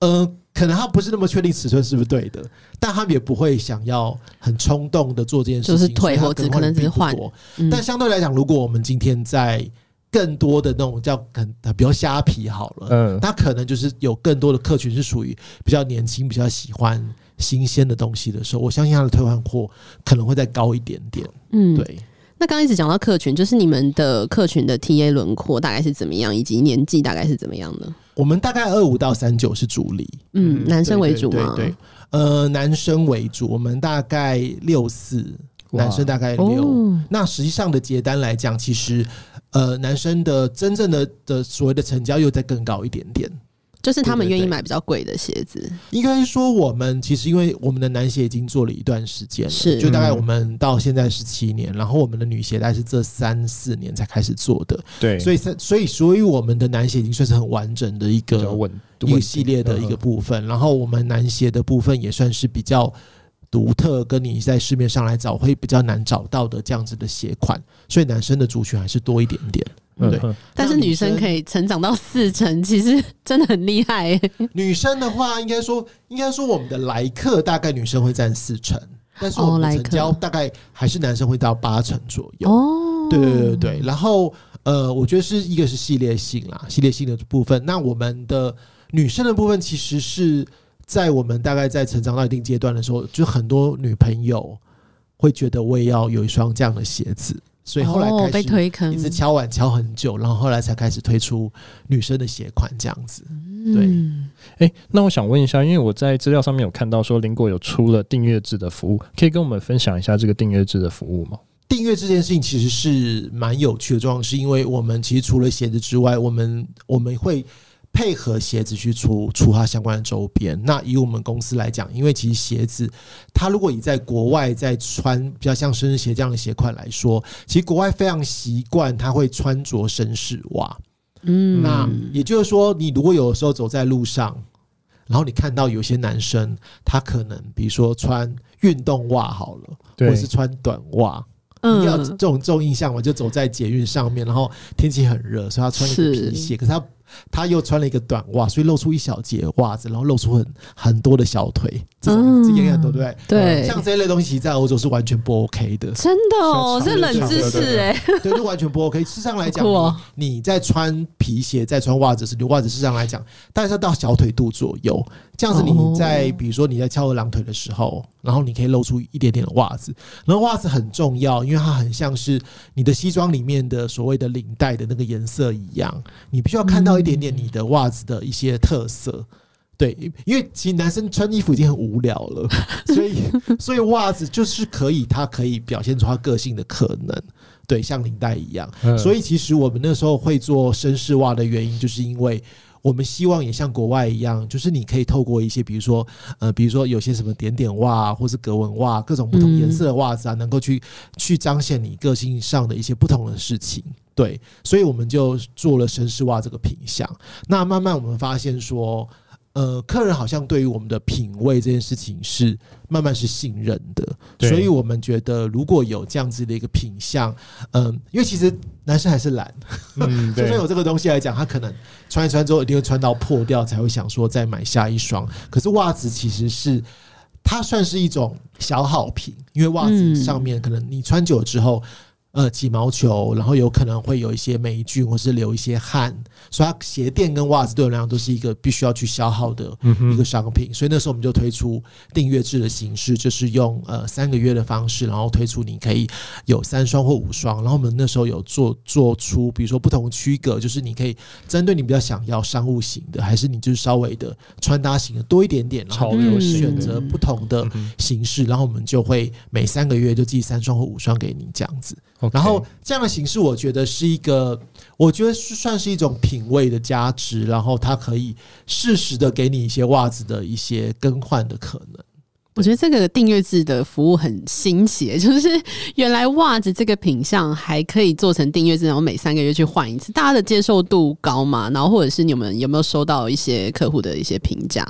Speaker 1: 呃，可能他不是那麼確定尺寸是不是對的，但他們也不會想要很衝動的做這件事情，就是退或者可能換。能是換，嗯、但相對來講，如果我們今天在更多的那種叫，可能比如蝦皮好了，嗯，他可能就是有更多的客群是屬於比較年輕，比較喜歡新鮮的東西的時候，我相信他的退換貨可能會再高一點點。
Speaker 2: 嗯，對。那剛一直講到客群，就是你們的客群的 TA 輪廓大概是怎麼樣，以及年紀大概是怎麼樣呢？
Speaker 1: 我們大概二五到三九是主力，
Speaker 2: 嗯，男生為主嘛、啊？對，對，對，
Speaker 1: 呃，男生為主。我們大概六四，男生大概六。哦、那實際上的結單來講，其實呃，男生的真正的的所謂的成交又再更高一點點。
Speaker 2: 就是他們願意買比較貴的鞋子。
Speaker 1: 應該說，我們其實因為我們的男鞋已經做了一段時間了，就大概我們到現在十七年，然後我們的女鞋大概是這三四年才開始做的。對，所以所以所以我們的男鞋已經算是很完整的一個一個系列的一個部分，然後我們男鞋的部分也算是比較獨特，跟你在市面上來找會比較難找到的這樣子的鞋款，所以男生的族群還是多一點點。對。嗯、
Speaker 2: 哼但是女生可以成長到四成，其實真的很厲害、欸。女生的話，應
Speaker 1: 該說，應該說，我們的來客大概女生會占四成，
Speaker 2: 但是我們成
Speaker 1: 交大概還是男生會到八成左右。哦，對，對對對。然後，呃，我覺得是一個是系列性啦，系列性的部分。那我們的女生的部分，其實是在我們大概在成長到一定階段的時候，就很多女朋友會覺得我也要有一雙這樣的鞋子。所以後來開始一直敲碗敲很久，然後後來才開始推出女生的鞋款，這樣子。對，哎、嗯欸，那我想問一
Speaker 3: 下，因為我在資料上面有看到說，林果有出了訂閱制的服務，可以跟我們分享一下這個訂閱制的服務嗎？
Speaker 1: 訂閱這件事情其實是蠻有趣的，狀況是因為我們其實除了鞋子之外，我們我們會。配合鞋子去出出它相關的周邊。那以我們公司來講，因為其實鞋子，它如果你在國外在穿比較像紳士鞋這樣的鞋款來說，其實國外非常習慣他會穿着紳士襪。嗯，那也就是說，你如果有的時候走在路上，然後你看到有些男生，他可能比如說穿運動襪好了，對 或是穿短襪，嗯，這種這種印象嘛，我就走在捷運上面，然後天氣很熱，所以他穿一個皮鞋，可是他。他又穿了一個短襪，所以露出一小截襪子，然後露出很很多的小腿，這種你、嗯、很多對不對？對、嗯，像這類東西在歐洲是完全不 OK 的，真的哦，這冷知識哎，對，就完全不 OK。事實上來講，哦、你你在穿皮鞋再穿襪子是你襪子，事實上來講，但是到小腿肚左右，這樣子你在、哦、比如說你在翹二郎腿的時候。然後你可以露出一點點的襪子，然後襪子很重要，因為它很像是你的西裝裡面的所謂的領帶的那個顏色一樣，你必須要看到一點點你的襪子的一些特色。對，因為其實男生穿衣服已經很無聊了，所以所以襪子就是可以，它可以表現出它個性的可能。對，像領帶一樣。所以其實我們那時候會做紳士襪的原因，就是因為。我們希望也像國外一樣，就是你可以透過一些，比如說，呃，比如說有些什麼點點襪啊，或是格紋襪啊，各種不同顏色的襪子啊，嗯，能夠去去彰顯你個性上的一些不同的事情。對，所以我們就做了紳士襪這個品項。那慢慢我們發現說。呃，客人好像對於我們的品味這件事情是慢慢是信任的，對所以我們覺得如果有這樣子的一個品相，嗯、呃，因為其實男生還是懶，嗯、對 [laughs] 就算有這個東西來講，他可能穿一穿之後一定會穿到破掉，才會想說再買下一雙。可是襪子其實是它算是一種消耗品，因為襪子上面可能你穿久了之後。嗯呃，起毛球，然後有可能會有一些霉菌，或是流一些汗，所以它鞋墊跟襪子對我來講都是一個必須要去消耗的一個商品。嗯、哼所以那時候我們就推出訂閱制的形式，就是用呃三個月的方式，然後推出你可以有三雙或五雙。然後我們那時候有做做出，比如說不同區隔，就是你可以針對你比較想要商務型的，還是你就是稍微的穿搭型的多一點點，然後選擇不同的形式，嗯嗯、哼然後我們就會每三個月就寄三雙或五雙給你這樣子。然後這樣的形式，我覺得是一個，我覺得是算是一種品味的加持。然後它可以適時的給你一些襪子的一些更換的可能。
Speaker 2: 我覺得這個訂閱制的服務很新奇，就是原來襪子這個品項還可以做成訂閱制，然後每三個月去換一次。大家的接受度高嘛？然後或者是你們有沒有收到一些客戶的一些評價？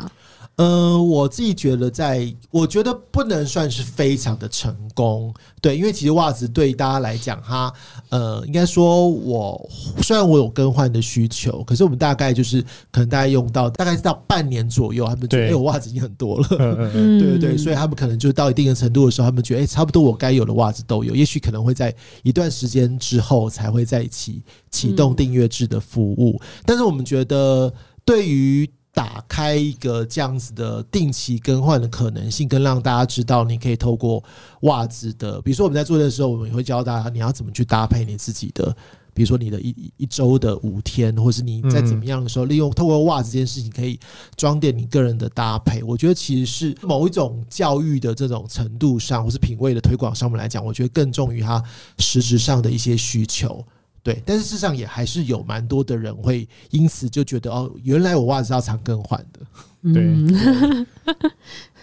Speaker 1: 嗯、呃，我自己覺得在，在我覺得不能算是非常的成功，對，因為其實襪子對大家來講，哈，呃，應該說我，我雖然我有更換的需求，可是我們大概就是可能大概用到大概是到半年左右，他們覺得欸，我襪子已經很多了，嗯嗯對對，對所以他們可能就到一定的程度的時候，他們覺得、欸、差不多我該有的襪子都有，也許可能會在一段時間之後才會再起，啟動訂閱制的服務，嗯嗯但是我們覺得對於打開一個這樣子的定期更換的可能性，更讓大家知道你可以透過襪子的，比如說我們在做的時候，我們也會教大家你要怎麼去搭配你自己的，比如說你的一一周的五天，或是你在怎麼樣的時候，利用透過襪子這件事情可以裝點你個人的搭配。嗯、我覺得其實是某一種教育的這種程度上，或是品味的推廣上面來講，我覺得更重於它實質上的一些需求。對，但是事實上也還是有蠻多的人會因此就覺得哦，原來我襪子是要常更換的，嗯對。
Speaker 2: 對， [laughs]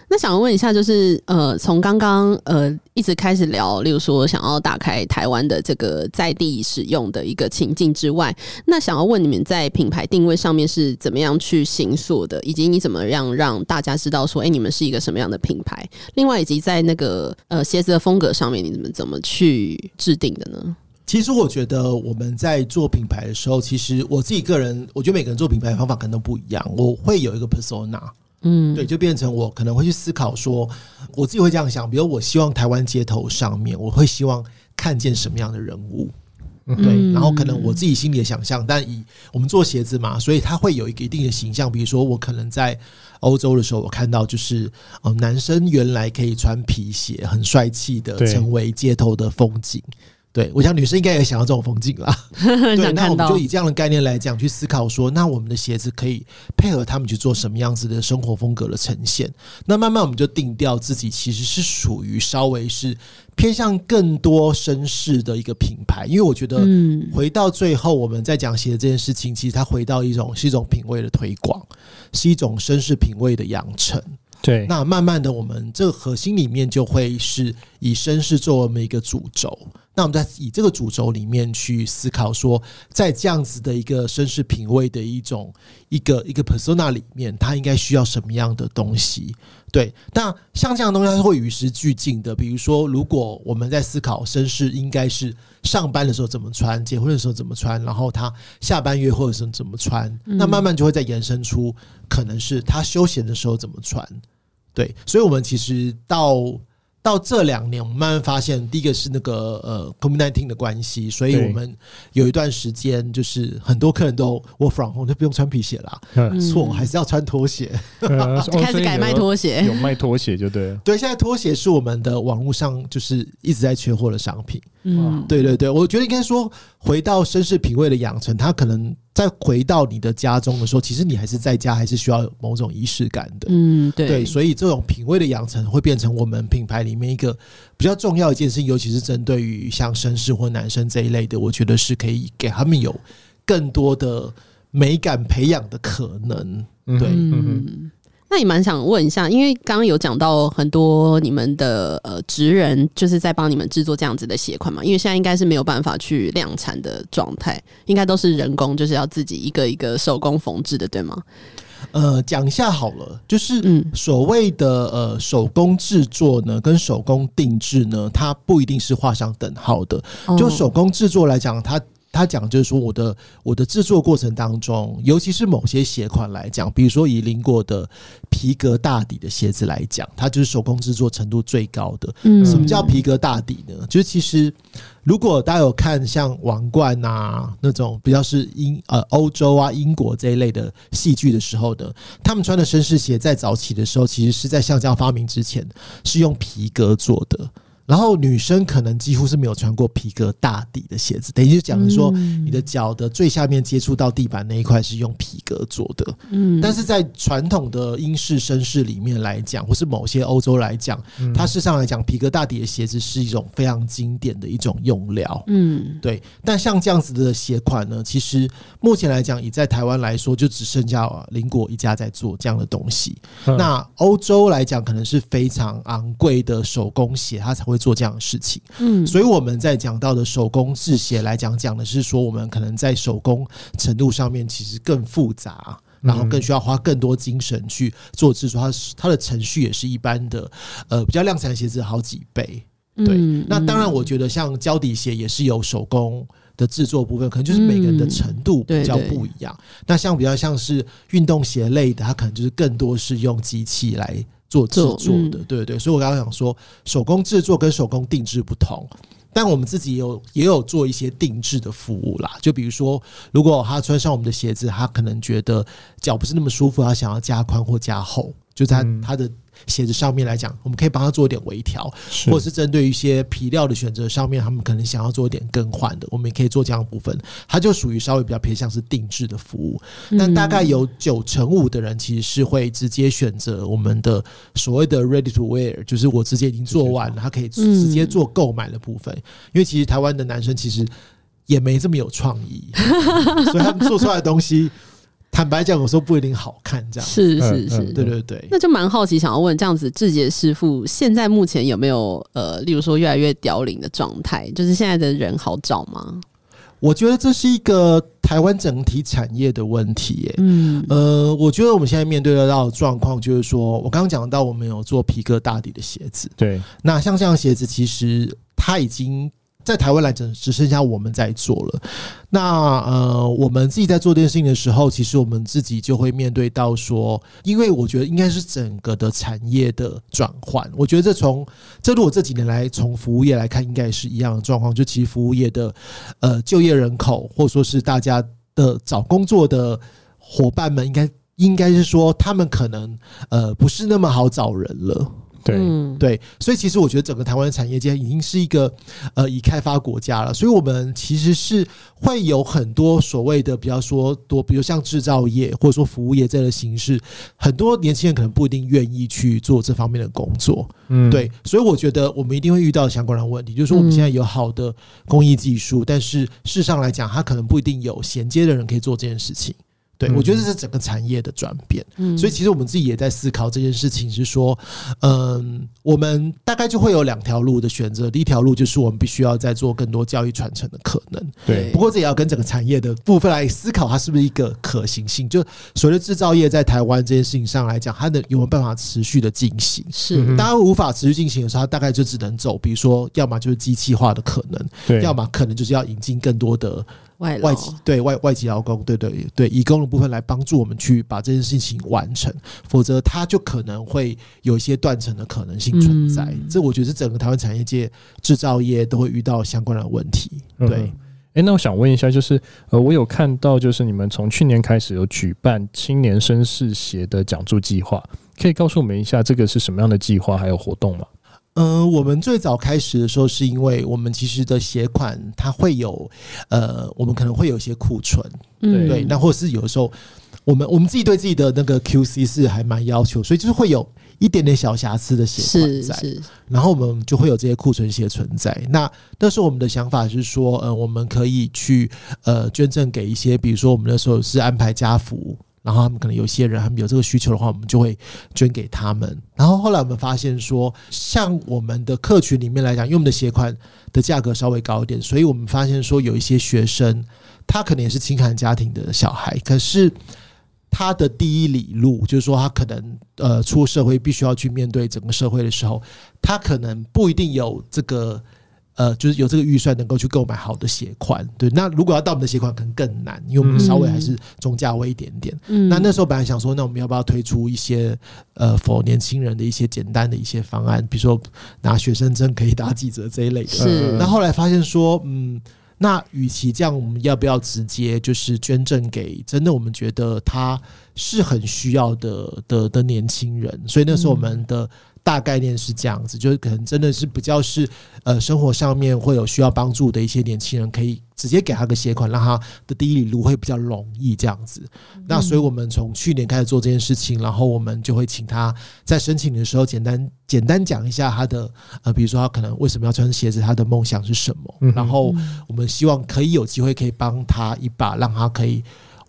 Speaker 2: 那想要問一下，就是呃，從剛剛呃一直開始聊，例如說想要打開台灣的這個在地使用的一個情境之外，那想要問你們在品牌定位上面是怎麼樣去型塑的，以及你怎麼樣讓大家知道說，哎、欸，你們是一個什麼樣的品牌？另外，以及在那個呃鞋子的風格上面，你們怎麼去制定的呢？
Speaker 1: 其實我覺得我們在做品牌的時候，其實我自己個人，我覺得每個人做品牌的方法可能都不一樣。我會有一個 persona，嗯，對，就變成我可能會去思考說，我自己會這樣想，比如我希望台灣街頭上面，我會希望看見什麼樣的人物，
Speaker 2: 嗯，對。然後可
Speaker 1: 能我自己心裡的想象，但以我們做鞋子嘛，所以它會有一個一定的形象。比如說，我可能在歐洲的時候，我看到就是哦，呃，男生原來可以穿皮鞋，很帥氣的，成為街頭的風景。對，我想女生應該也想要這種風景啦。 [laughs] 對，看那我們就以這樣的概念來講，去思考說，那我們的鞋子可以配合他們去做什麼樣子的生活風格的呈現？那慢慢我們就定調，自己其實是屬於稍微是偏向更多紳士的一個品牌，因為我覺得，嗯，回到最後，我們在講鞋子這件事情，其實它回到一種是一種品味的推廣，是一種紳士品味的養成。對，那慢慢的，我們這個核心裡面就會是以紳士作為我們一個主軸，那我們在以這個主軸裡面去思考說，在這樣子的一個紳士品味的一種一個一個 persona 裡面，他應該需要什麼樣的東西？對，那像這樣的東西它是會與時俱進的。比如說，如果我們在思考紳士應該是上班的時候怎麼穿，結婚的時候怎麼穿，然後他下班約會的時候怎麼穿，嗯、那慢慢就會再延伸出可能是他休閒的時候怎麼穿。對，所以我們其實到到這兩年，我們慢慢發現，第一個是那個呃，COVID-19 的關係，所以我們有一段時間就是很多客人都，對我 from 我就不用穿皮鞋啦，嗯、錯還是要穿拖鞋，嗯、 [laughs] 開始改賣拖鞋，哦、有賣拖鞋就對了，對，現在拖鞋是我們的網絡上就是一直在缺貨的商品，嗯，對對對，我覺得應該說回到紳士品味的養成，它可能。再回到你的家中的時候，其實你還是在家，還是需要某種儀式感的。
Speaker 2: 嗯，對。對，
Speaker 1: 所以這種品味的養成會變成我們品牌裡面一個比較重要的一件事情，尤其是針對於像紳士或男生這一類的，我覺得是可以給他們有更多的美感培養的可能。對。嗯哼。對。
Speaker 2: 那也蠻想問一下，因為剛剛有講到很多你們的呃職人就是在幫你們製作這樣子的鞋款嘛，因為現在應該是沒有辦法去量產的狀態，應該都是人工，就是要自己一個一個手工縫制的，對嗎？
Speaker 1: 呃，講一下好了，就是嗯，所謂的呃手工製作呢，跟手工定製呢，它不一定是畫上等號的。就手工製作來講，它。他講就是說我，我的我的製作過程當中，尤其是某些鞋款來講，比如說以林果的皮革大底的鞋子來講，它就是手工製作程度最高的。嗯，什麼叫皮革大底呢？就是其實如果大家有看像王冠啊那種，比較是英呃歐洲啊英國這一類的戲劇的時候的，他們穿的紳士鞋在早期的時候，其實是在橡膠發明之前，是用皮革做的。然後女生可能幾乎是沒有穿過皮革大底的鞋子，等於就講說，你的腳的最下面接觸到地板那一塊是用皮革做的。嗯，但是在傳統的英式紳士裡面來講，或是某些歐洲來講，嗯、它事實上來講，皮革大底的鞋子是一種非常經典的一種用料。嗯，對。但像這樣子的鞋款呢，其實目前來講，以在台灣來說，就只剩下林果、啊、一家在做這樣的東西。嗯、那歐洲來講，可能是非常昂貴的手工鞋，它才會。會做這樣的事情，嗯，所以我們在講到的手工製鞋來講，講的是說我們可能在手工程度上面其實更複雜，然後更需要花更多精神去做製作。它它的程序也是一般的，呃，比較量產的鞋子好幾倍。
Speaker 2: 對，嗯，嗯，那
Speaker 1: 當然我覺得像膠底鞋也是有手工的製作的部分，可能就是每個人的程度比較不一樣。嗯，對對，那像比較像是運動鞋類的，它可能就是更多是用機器來。做製作的，嗯、對對，所以我剛剛想說，手工製作跟手工定製不同，但我們自己也有也有做一些定製的服務啦，就比如說，如果他穿上我們的鞋子，他可能覺得腳不是那麼舒服，他想要加寬或加厚，就在、是他，嗯、他的。鞋子上面來講，我們可以幫他做一點微調，是或者是針對一些皮料的選擇上面，他們可能想要做一點更換的，我們也可以做這樣的部分。它就屬於稍微比較偏向是定制的服務，但大概有九成五的人其實是會直接選擇我們的所謂的 ready to wear，就是我直接已經做完了，他可以直接做購買的部分。因為其實台灣的男生其實也沒這麼有創意， [laughs] 所以他們做出來的東西。坦白講，我說不一定好看，這樣子是是是，對對對。
Speaker 2: 那就蠻好奇，想要問這樣子志杰師傅，現在目前有沒有呃，例如說越來越凋零的狀態，就是現在的人好找嗎？
Speaker 1: 我覺得這是一個台灣整體產業的問題、欸。嗯呃，我覺得我們現在面對得到的到狀況就是說，我剛剛講到我們有做皮革大底的鞋子，對，那像這樣鞋子，其實它已經。在台灣來講，只剩下我們在做了。那呃，我們自己在做這件事情的時候，其實我們自己就會面對到說，因為我覺得應該是整個的產業的轉換。我覺得這從這，如果這幾年來從服務業來看，應該也是一樣的狀況。就其實服務業的呃就業人口，或者說是大家的找工作的夥伴們，應該應該是說他們可能呃不是那麼好找人了。對、嗯、對，所以其實我覺得整個台灣產業界已經是一個呃已開發國家了，所以我們其實是會有很多所謂的比較說多，比如像制造業或者說服務業這樣的形式，很多年輕人可能不一定願意去做這方面的工作。嗯，對，所以我覺得我們一定會遇到相關的問題，就是我們現在有好的工藝技術，嗯、但是事實上來講，它可能不一定有銜接的人可以做這件事情。對，我覺得這是整個產業的轉變，嗯，所以其實我們自己也在思考這件事情，是說，嗯，我們大概就會有兩條路的選擇，第一條路就是我們必須要再做更多教育傳承的可能，對。不過這也要跟整個產業的部分來思考，它是不是一個可行性？就隨着製造業在台灣這件事情上來講，它的有沒有辦法持續的進行？是，當然無法持續進行的時候，它大概就只能走，比如說，要麼就是機器化的可能，對；要麼可能就是要引進更多的。外，外，外，外籍對外外籍勞工，對對對，移工的部分來幫助我們去把這件事情完成，否則他就可能會有一些斷層的可能性存在。嗯、這我覺得是整個台灣產業界製造業都會遇到相關的問題。對，哎、嗯，那我
Speaker 3: 想問一下，就是呃，我有看到就是你們從去年開始有舉辦青年紳士鞋的講座計劃，可以告訴
Speaker 1: 我們一下這個是什麼樣的計劃還有活動嗎？嗯、呃，我們最早開始的時候，是因為我們其實的鞋款，它會有，呃，我們可能會有一些庫存，嗯、對，那或者是有的時候我們我們自己對自己的那個 QC 是還蠻要求，所以就是會有一點點小瑕疵的鞋款在，是是，然後我們就會有這些庫存鞋存在。那但是我們的想法是說，呃，我們可以去呃捐贈給一些，比如說我們那時候是安排家扶。然後他們可能有些人他們有這個需求的話，我們就會捐給他們。然後後來我們發現說，像我們的客群裡面來講，因為我們的鞋款的價格稍微高一點，所以我們發現說有一些學生，他可能也是清寒家庭的小孩，可是他的第一哩路就是說，他可能呃出社會必須要去面對整個社會的時候，他可能不一定有這個。呃，就是有這個預算能夠去購買好的鞋款，對。那如果要到我們的鞋款可能更難，因為我們稍微還是中價位一點點。嗯、那那時候本來想說，那我們要不要推出一些呃，for 年輕人的一些簡單的一些方案，比如說拿學生證可以打幾折這一類的。那是、呃、後來發現說，嗯，那與其這樣，我們要不要直接就是捐贈給真的我們覺得他是很需要的的的年輕人？所以那時候我們的。嗯大概念是這樣子，就是可能真的是比較是呃，生活上面會有需要幫助的一些年輕人，可以直接給他個鞋款，讓他的第一哩路會比較容易這樣子。那所以我們從去年開始做這件事情，然後我們就會請他在申請的時候簡單簡單講一下他的呃，比如說他可能為什麼要穿鞋子，他的夢想是什麼，然後我們希望可以有機會可以幫他一把，讓他可以。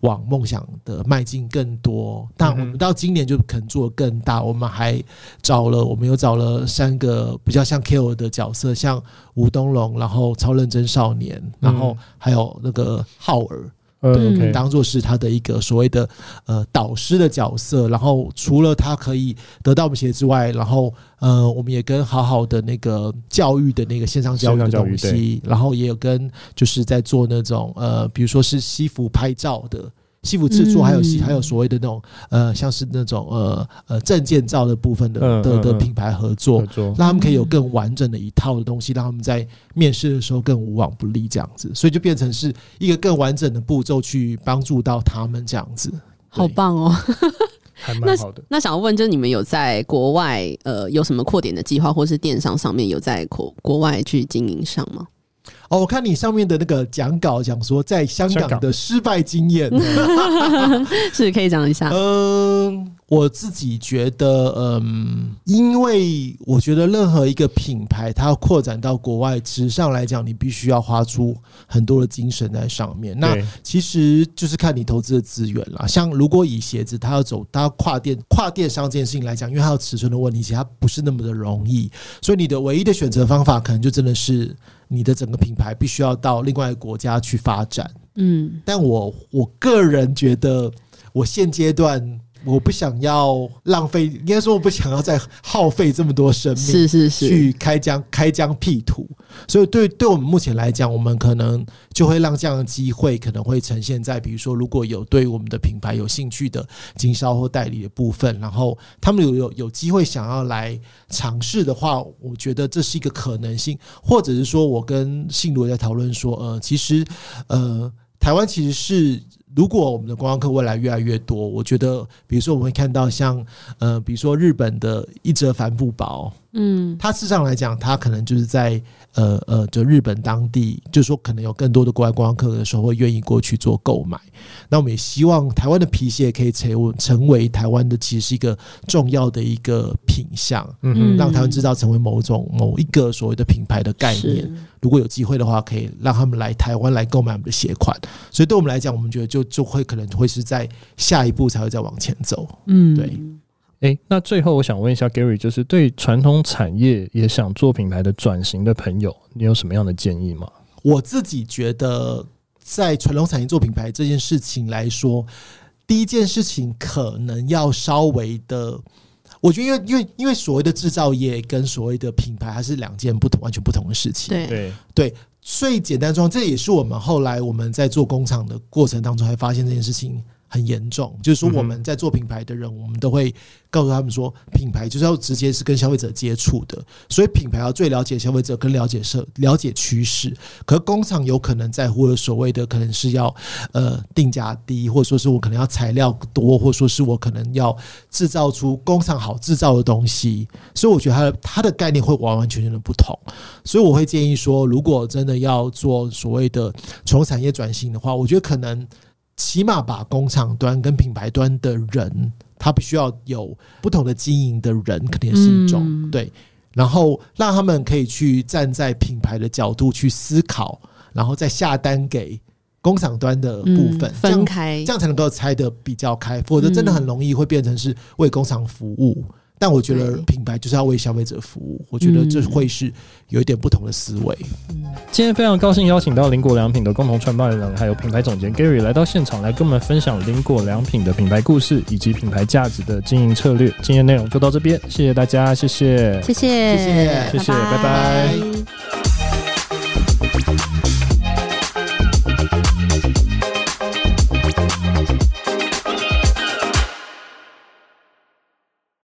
Speaker 1: 往夢想的邁進更多，但我們到今年就可能做得更大。嗯、哼我們還找了，我們又找了三個比較像 KOL 的角色，像吳東龍，然後超認真少年，然後還有那個浩兒。呃、嗯，可能當做是他的一個所謂的呃導師的角色，然後除了他可以得到我們鞋之外，然後呃，我們也跟好好的那個教育的那個線上教育的東西，然後也有跟就是在做那種呃，比如說是西服拍照的。西服製作，還有西還有所謂的那種呃，像是那種呃呃證件照的部分的的的品牌合作，讓他們可以有更完整的一套的東西，讓他們在面試的時候更無往不利這樣子。所以就變成是一個更完整的步驟去幫助到他們這樣子。
Speaker 2: 好棒哦，還
Speaker 1: 蠻好
Speaker 2: 的。 [laughs] 那想要問，就是你們有在國外呃有什麼擴點的計劃，或是電商上面有在國國外去經營上嗎？
Speaker 1: 哦，我看你上面的那個講稿，講說在香港的失敗經驗
Speaker 2: 香港，
Speaker 1: [laughs] 是可以講一下。嗯，我自己覺得，嗯，因為我覺得任何一個品牌它要擴展到國外，實質上來講，你必須要花出很多的精神在上面。對那其實就是看你投資的資源啦。像如果以鞋子它，它要走它跨電跨電商這件事情來講，因為它有尺寸的問題，其實它不是那麼的容易，所以你的唯一的選擇方法，可能就真的是。你的整個品牌必須要到另外一個國家去發展，嗯，但我我個人覺得，我現階段。我不想要浪費，應該說我不想要再耗費這麼多生命，是是是，去開疆開疆闢土。所以對，對對我們目前來講，我們可能就會讓這樣的機會可能會呈現在，比如說，如果有對我們的品牌有興趣的經銷商或代理的部分，然後他們有有有機會想要來嘗試的話，我覺得這是一個可能性。或者是說我跟信羅在討論說，呃，其實，呃，台灣其實是。如果我們的觀光客未來越來越多，我覺得，比如說我們會看到像呃，比如說日本的一澤帆布包，嗯，它事實上來講，它可能就是在呃呃，就日本當地，就是說可能有更多的國外觀光客的時候會願意過去做購買。那我們也希望台灣的皮鞋可以成為成為台灣的其實是一個重要的一個品項，嗯嗯哼，讓台灣製造成為某種某一個所謂的品牌的概念。是如果有機會的話，可以讓他們來台灣來購買我們的鞋款。所以對我們來講，我們覺得就。就會可能會是在下一步才會再往前走，嗯，對，誒，那最後我
Speaker 3: 想問一下 Gary，就是對傳統產業也想做品牌的轉型的朋友，你有什麼樣的建議嗎？
Speaker 1: 我自己覺得，在傳統產業做品牌這件事情來說，第一件事情可能要稍微的，我覺得因為因為因為所謂的制造業跟所謂的品牌還是兩件不同完全不同的事情，對對。最簡單裝，這也是我們後來我們在做工廠的過程當中還發現這件事情。很嚴重，就是說我們在做品牌的人，嗯、哼我們都會告訴他們說，品牌就是要直接是跟消費者接觸的，所以品牌要最了解消費者，跟了解社了解趨勢。可是工廠有可能在乎的所謂的，可能是要呃定價低，或者說是我可能要材料多，或者說是我可能要制造出工廠好制造的東西。所以我覺得它的它的概念會完完全全的不同。所以我會建議說，如果真的要做所謂的從產業轉型的話，我覺得可能。起碼把工廠端跟品牌端的人，他必須要有不同的經營的人，肯定是一種、嗯、對。然後讓他們可以去站在品牌的角度去思考，然後再下單給工廠端的部分、嗯、分開這，這樣才能夠拆得比較開，否則真的很容易會變成是為工廠服務。嗯嗯但我覺得品牌就是要為消費者服務，嗯，我覺得這會是有一點不同的思維，嗯。
Speaker 3: 今天非常高興邀請到林果良品的共同創辦人，還有品牌總監 Gary 來到現場，來跟我們分享林果良品的品牌故事以及品牌價值的經營策略。今天內容就到這邊，謝謝大家，謝謝，謝謝，謝謝，謝謝，拜拜。拜拜。